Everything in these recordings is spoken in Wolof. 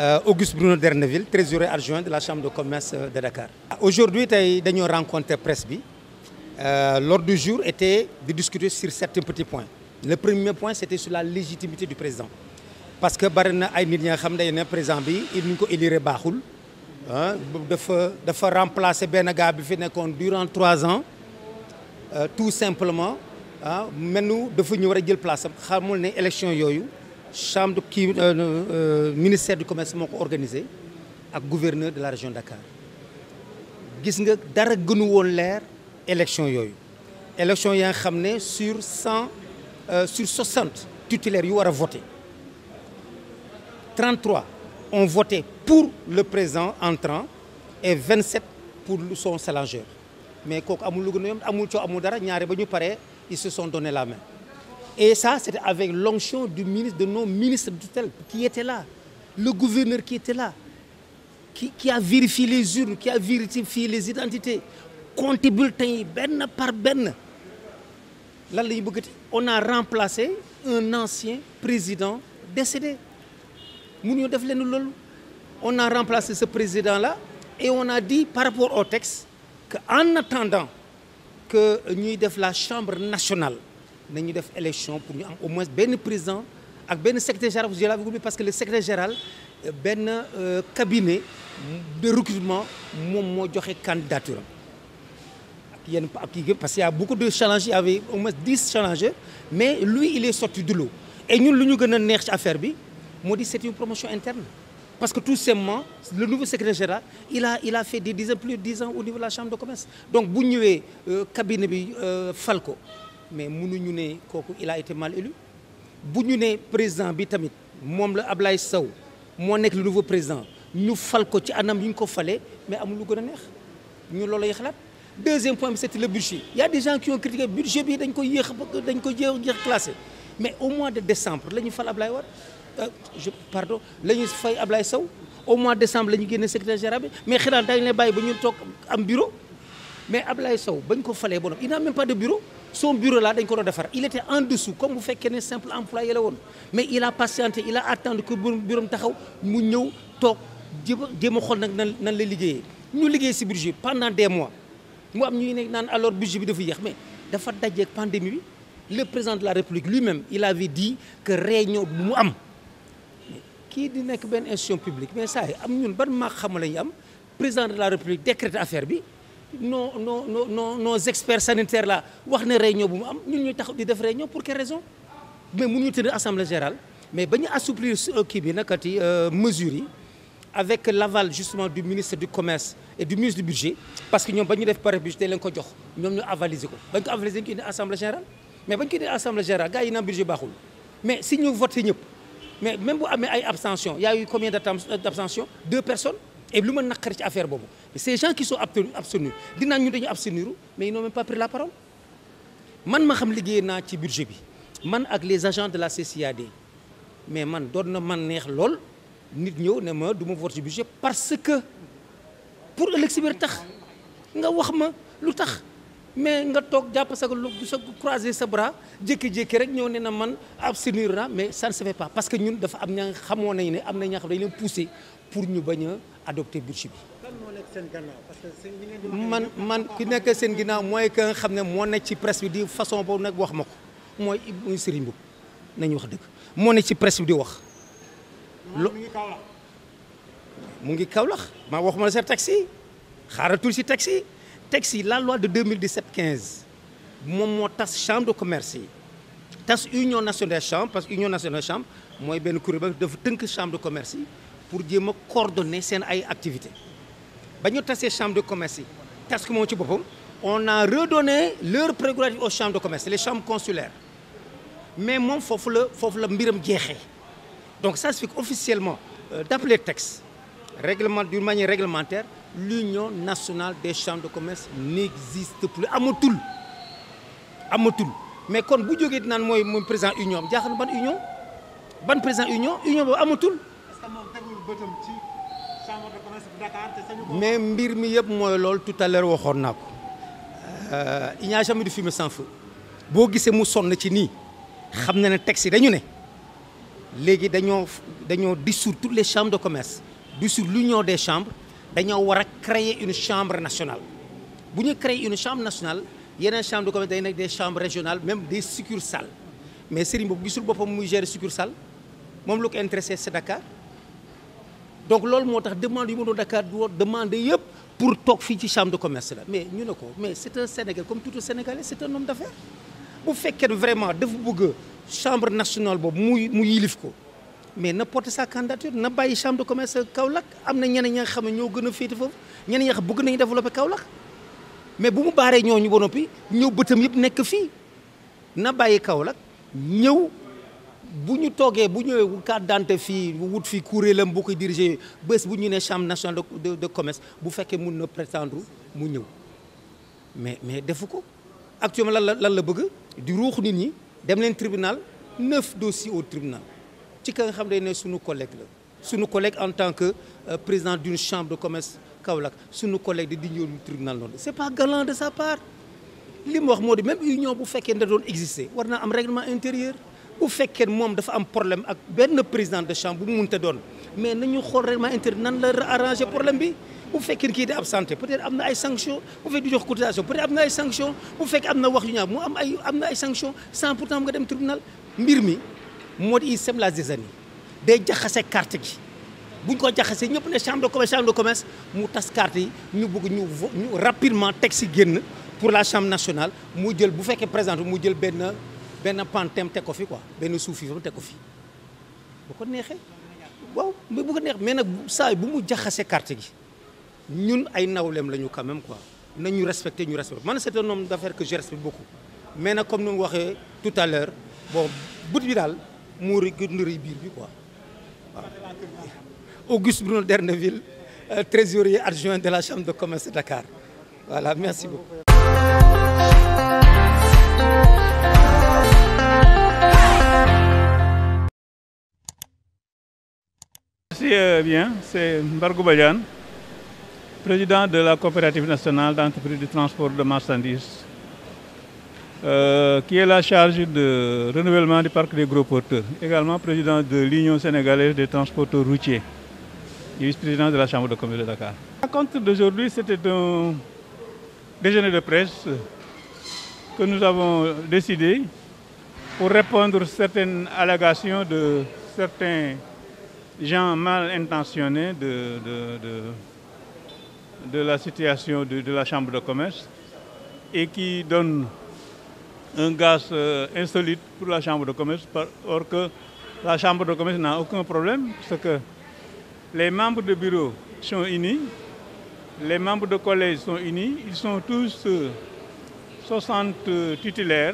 Euh, Auguste Bruno Derneville trésorier adjoint de la chambre de commerce euh, de Dakar. aujourd'hui tey dañoo rencontré presse bi euh, lors du jour était de discuter sur certains petits points le premier point c'était sur la légitimité du président parce que bari na ay nit ñi nga xam ne ne président bi ñu ko élire baaxul ah dafa dafa remplacer benn gars bi fi nekkoon durant trois ans tout simplement ah mel dafa ñëw war a jël place am xamul ne élection yooyu. chambre kii euh, euh, euh, ministère du commerce moo ko organisé ak gouverneur de la région Dakar gis nga dara gënu woon leer élection yooyu élection yaa nga xam ne sur cent sur soixante titulaires yu war a voté trente-trois ont voté pour le président entrant et vingt-sept pour son challengeur mais kook amul lu gën a yomb amul dara ñaare ba ñu paree ils se sont donné la main Et ça, c'était avec l'onction du ministre, de nos ministres de tutelle qui était là, le gouverneur qui était là, qui, qui a vérifié les urnes, qui a vérifié les identités, compté bulletins yi benn par benn. lan la ñu bëggati on a remplacé un ancien président décédé mënuñu def leen loolu on a remplacé ce président là et on a dit par rapport au texte que en attendant que ñuy def la chambre nationale nañu def élection pour ñu am au moins benn président ak benn secrétaire général je l'avais oublié parce que le secrétaire général euh, benn euh, cabinet de recrutement moom moo joxe candidature am ak yenn ak yi parce que beaucoup de challenges il avait au moins dix challengeurs mais lui il est sorti de l'eau et ñun lu ñu gën a neex ci affaire bi moo di c'est une promotion interne parce que tout simplement le nouveau secrétaire général il a il a fait des ans de dix ans au niveau de la chambre de commerce donc bu ñëwee euh, cabinet bi euh, fal ko mais mënuñu ne kooku il a été mal élu bu ñu ne président bi tamit moom la Ablaye Sow moo nekk le nouveau président ñu fal ko ci anam yi ñu ko falee mais amul lu gën a neex ñu loolu lay xalaat deuxième point bi c'était le budget il y a des gens qui ont critiqué bi dañ ko yéex dañ ko mais au mois de décembre la ñu fal Ablaye Wade euh, je pardon la ñu fay Ablaye Sow au mois de décembre la ñu génne secrétaire général bi mais xanaa daañu lay bàyyi ba ñu toog am bureau mais ab Sow bañ ko falee bonom il n'a même pas de bureau son bureau là dañ ko doon defar il était en dessous comme bu fekkee ne simple employé la mais il a patienté il a attendu que bureau taxaw mu ñëw toog jéem a jéem a xool nag nan nan la liggéeyee ñu liggéey si budget pendant des mois mu am ñuy ne naan alors budget bi dafa yéex mais dafa dajeeg pandémie bi le président de la république lui-même il avait dit que réunion bu mu am kii di nekk benn institution publique mais saa am ñun ban maa xam la ñu am président de la république décrété affaire bi. nos nos nos nos experts sanitaires là wax ne réunion bu mu am ñun ñuy taxaw di def réunion pour quelle raison mais mënuñu tëdd assemblée générale mais ba ñu assouplir euh, kii bi nakati euh, mesures yi avec l'aval justement du ministre du commerce et du ministre du budget parce que ñoom ba ñu def pare budget leen ko jox ñoom ñu avaliser ko bañ ko avaliser ñu ko indi assemblée générale mais bañ ko indi assemblée générale gars yi naan budget baaxul mais si ñu voté ñëpp mais même bu amee ay abstention y a eu combien d'abstention deux personnes et lu ma naqari ci affaire boobu ces gens qui sont abstenus dina ñu dañu abstenir mais ils n'ont même pas pris la parole man ma xam liggéey naa ci budget bi man ak les agents de la CCAD mais man doon na man neex lool nit ñëw ne ma du ma voter budget parce que pour ëllëg si tax nga wax ma lu tax mais nga toog jàpp sa sa croiser sa bras jékki-jékki rek ñëw ne na man abstenir na mais ça ne se fait pas parce que ñun dafa am ña xamoo nañ ne am na ñoo xam ne dañu leen pour ñu bañ a adopté bi. kan moo nekk seen gannaaw parce que man man ki nekk seen ginnaaw mooy que nga xam ne moo nekk ci presse bi di façon boobu nag wax ma ko mooy Ibou Serigne Mboup nañu wax dëkk moo nekk ci presse bi di wax. lo mu ngi Kaolack. maa waxuma la sa taxi xaaral tuuti si taxi. texte yi la loi de 2017 15 moom moo tas chambre de commerce yi tas union nationale des chambres parce que union nationale des chambres mooy benn kuréel ba dafa tënk chambre de commerce yi pour jéem a coordonner seen ay activités ba ñu tasee chambre de commerce yi tas ko moom ci boppam on a redonné leur prérogative aux chambres de commerce les chambres consulaires mais moom foofu la foofu la mbiram jeexee donc ça se fait officiellement euh, d'après les règlement d'une manière réglementaire l'union nationale des chambres de commerce n'existe plus amatul amatul mais kon bu jógee naan mooy mooy président union bi jaaxal ban union ban président union union boobu amatul. est mais mbir mi yëpp mooy loolu tout à l'heure waxoon naa ko euh, il n'y a jamais de fumée sans feu boo gisee mu sonn ci nii xam na ne texte dañu ne léegi dañoo dañoo dissoudre toutes les chambres de commerce. du sur l'union de chambres dañoo war a créer une chambre nationale bu ñu créer une chambre nationale yeneen chambre de commerce day nekk des chambres régionales même des succursales mais Serigne boobu gisul boppam muy gérer succursale moom lu ko intéressé c'est Dakar donc loolu moo tax demande yu ma doon Dakar du woon demande yëpp pour toog fii ci chambre de commerce la mais ñu ne ko mais c'est un Sénégalais comme tout Sénégalais c'est un homme d'affaires bu fekkee vraiment dafa bëgg chambre nationale boobu muy mu yilif ko mais na porter sa candidature na bàyyi chambre de commerce Kaolack am na ñeneen ña nga xam ne ñoo gën a féete foofu ñeneen ñi nga xam bëgg nañu développer Kaolack mais bu mu baaree ñu ba noppi ñëw bëtam yëpp nekk fii na bàyyi Kaolack ñëw bu ñu toogee bu ñëwee carte d'identité fii wut fii kuréelam bu koy diriger bés bu ñu nee chambre nationale de de commerce bu fekkee mun na prétendre mu ñëw mais mais defu ko actuellement lan la lan la bëgg di ruux nit ñi dem leen tribunal neuf dossiers au tribunal. ci kan nga xam ne sunu collègue la sunu collègue en tant que euh, président d'une chambre de commerce Kaolack sunu collègue di ñëw tribunal noonu c'est pas galant de sa part li mu wax moo di même union bu fekkee da doon exister war naa am règlement intérieur bu fekkee moom dafa am problème ak benn président de chambre bu mu mënta doon mais nañu xool règlement intérieur nan la arranger problème bi bu fekkee kii di absenté peut-être am na ay sanctions bu fekkee du jox am na ay sanctions bu fekkee am na wax yu ñaaw mu am ay am na ay sanctions sans pourtant nga dem tribunal mbir mi. moo di sème la zizanie day jaxase carte gi buñ ko jaxasee ñëpp ne chambre de commerce chambre de commerce mu tas carte yi ñu bëgg ñu ñu rapidement teg si génn pour la chambre nationale mu jël bu fekkee présente mu jël benn benn pantem teg ko fi quoi benn suufifam teg ko fi bu ko neexee waaw bu ko neex mais nag saa bu mu jaxasee carte gi ñun ay nawleem la ñu quand même na nañu respecté ñu respecté man c'est un homme que je respecte mais nag comme ni mu waxee tout à l'heure bon bi daal moo rëy gën a rëy bi quoi waaw. Auguste Bruno Derneville euh, trésorier adjoint de la chambre de commerce de Dakar voilà merci beaucoup. Merci euh, bien, c'est Mbargo Badiane, président de la coopérative nationale d'entreprise de transport de marchandises. Euh, qui est la charge de renouvellement du parc des gros porteurs, également président de l'Union sénégalaise des transporteurs routiers et vice-président de la Chambre de commerce de Dakar. La rencontre d'aujourd'hui, c'était un déjeuner de presse que nous avons décidé pour répondre à certaines allégations de certains gens mal intentionnés de, de, de, de la situation de, de la Chambre de commerce et qui donnent un gaz euh, insolite pour la chambre de commerce, or que la chambre que les membres de bureau membres de collège sont unis, ils sont tous euh, 60 euh, titulaires,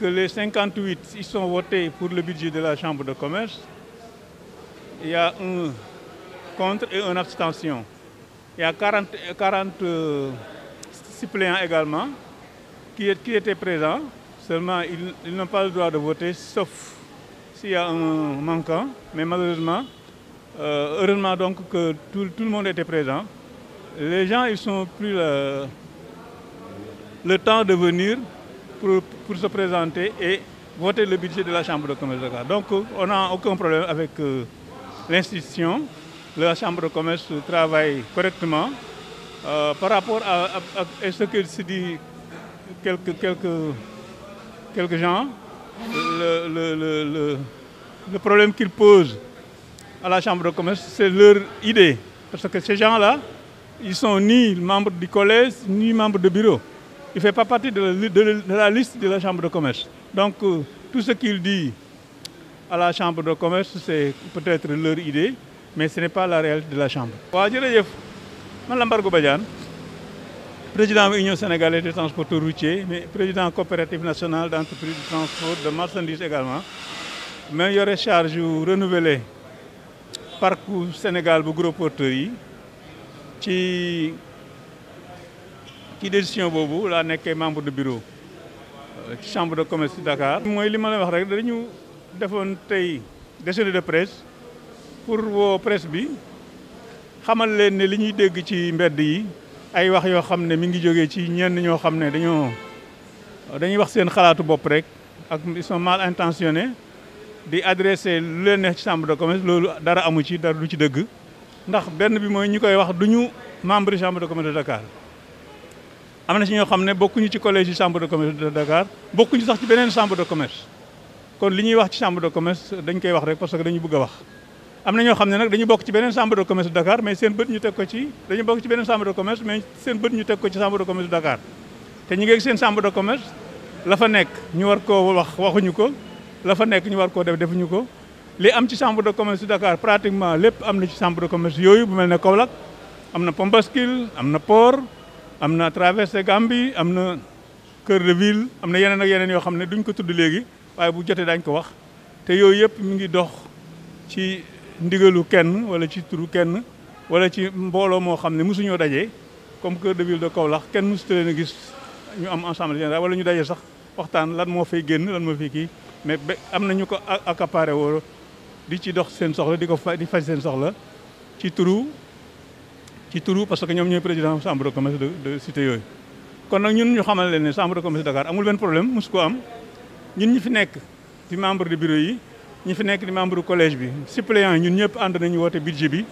les 58 ils sont votés pour le budget de la de commerce. Il y a un contre et euh, également. qui, est, qui étaient seulement ils, n'ont pas le droit de voter, sauf s'il y manquant. Mais malheureusement, euh, heureusement donc tout, le monde était présent. Les gens, ils ont pris le, le temps de venir pour, pour, se présenter et voter le budget de la Chambre de commerce de Dakar. Donc, on n'a euh, de commerce travaille correctement. Euh, par rapport à, à ce qu'il se dit quelques, quelques, quelques gens, le, le, le, le problème qu'ils posent à la Chambre de commerce, c'est leur idée. Parce que ces gens-là, ils sont ni membres du collège, ni membres de bureau. il ne font pas partie de la, de la, liste de la Chambre de commerce. Donc, euh, tout ce qu'ils disent à la Chambre de commerce, c'est peut-être leur idée, mais ce n'est pas la réalité de la Chambre. président Union sénégalaise des transporteurs routiers mais président coopérative nationale d'entreprise de transport de marchandises également mais yore charge yu renouveler parcours Sénégal bu gros porteurs yi ci ci décision boobu laa nekkee membre de bureau euh, ci chambre de commerce de Dakar. mooy li ma la wax rek dañu defoon tey déjeuner de presse pour woo presse bi xamal leen ne li ñuy dégg ci mbedd yi. ay wax yoo xam ne mi ngi jógee ci ñenn ñoo xam ne dañoo dañuy wax seen xalaatu bopp rek ak ils mal intentionnés di adressé lu leen neex ci chambre de commerce loolu dara amu ci dara du ci dëgg ndax benn bi mooy ñi koy wax du ñu membre chambre de commerce de Dakar am na ci xam ne bokkuñu ci collège chambre de commerce de Dakar bokkuñu sax ci beneen chambre de commerce kon lu ñuy wax ci chambre de commerce dañ koy wax rek parce que dañu bëgg a wax am na ñoo xam ne nag dañu bokk ci beneen chambre de commerce Dakar mais seen bët ñu teg ko ci dañu bokk ci beneen chambre de commerce mais seen ko ci chambre de commerce Dakar te ñu ngi seen chambre de commerce la fa nekk ñu war koo wax waxuñu ko la nekk ñu war koo def defuñu ko li am ci chambre de commerce Dakar pratiquement lépp am na ci chambre de commerce yooyu bu mel ne Kaolack am na Pont Bascule am na port am na traversée Gambie am na cœur de ville am na yeneen ak yeneen yoo xam ne duñ ko tudd léegi waaye bu jotee dañ ko wax te yooyu yëpp mi ngi dox ndigalu kenn wala ci turu kenn wala ci mbooloo moo xam ne mosuñoo dajee comme cœur de ville de Kaolack kenn mosut leen a gis ñu am assemblée générale wala ñu dajee sax waxtaan lan moo fay génn lan moo fay kii mais am na ñu ko accaparé woo di ci dox seen soxla di ko fa di faj seen soxla ci turu ci turu parce que ñoom ñooy président chambre de commerce de cité yooyu. kon nag ñun ñu xamal leen ne chambre de commerce Dakar amul benn problème mosu ko am ñun ñi fi nekk ci membre de bureau yi. ñi fi nekk di membre collège bi suppléant yi ñun ñëpp ànd nañu woote budget bi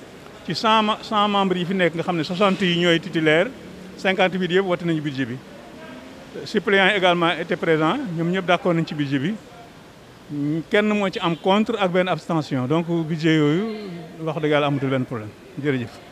ci cent cent membres yi fi nekk nga xam ne soixante yi ñooy titulaire cinquante huit yëpp woote nañu budget bi suppléant yi également étaient présents ñoom ñëpp d'accord nañ ci budget bi kenn moo ci am contre ak benn abstention donc budget yooyu wax dëgg yàlla amatul benn problème jërëjëf